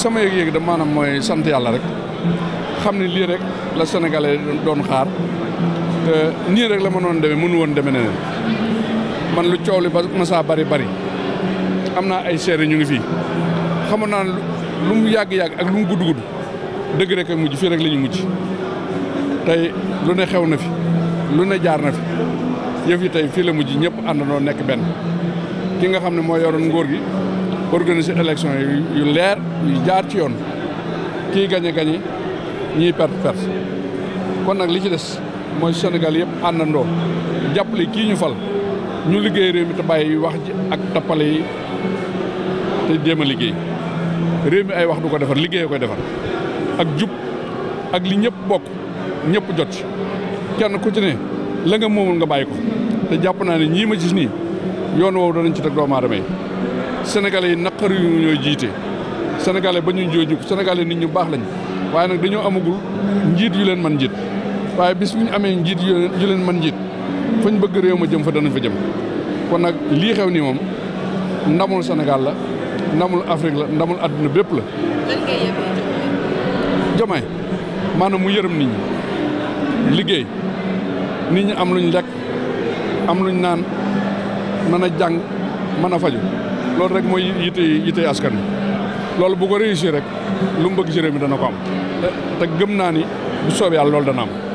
sama yëg-yëg da maanaam mooy sant yàlla rek xam ne lii rek la sénégalais doon xaar te nii rek la mënoon demee mënu woon demee neneen man lu coow li ba masaa bari bari am naa ay seere ñu ngi fii xamoon naa lu mu yàgg-yàgg ak lu mu gudd gudd dëgg rek a mujj fii rek la ñu mujj tey lu ne xew na fi lu ne jaar na fi yëf yi tey fii la mujj ñëpp àndandoo nekk benn ki nga xam ne mooy yoroon nguur gi organiser élection yu leer yu jaar ci yoon kii gañe gañe ñii perte perte kon nag li ci des mooy Sénégal yëpp àndandoo jàppale kii ñu fal ñu liggéey réew mi te bàyyi wax ji ak tappale yi te jéem a liggéey réew mi ay wax du ko defar liggéey koy defar ak jub ak li ñëpp bokk ñëpp jot ci kenn ku ci ne la nga moomul nga bàyyi ko te jàpp naa ne ñii ma gis nii yoon woowu danañ ci teg doomu aadama yi sénégalais yi naqari yu jiite sénégalais ba ñu jooju sénégalais nit ñu baax lañ waaye nag dañoo amagul njiit yu leen man njiit waaye bis bu ñu amee njiit yu leen man njiit fañ bëgg réew ma jëm fa danañ fa jëm kon nag lii xew nii moom ndamul Sénégal la ndamul Afrique la ndamul àdduna bépp la jamaay maanaam mu yërëm nit liggéey nit ñi am luñ lekk am luñ naan mën a jàng mën a faju loolu rek mooy yite yite askan loolu bu ko réussir rek lu mu bëgg dana ko am te gëm naa ni bu yàlla loolu dana am.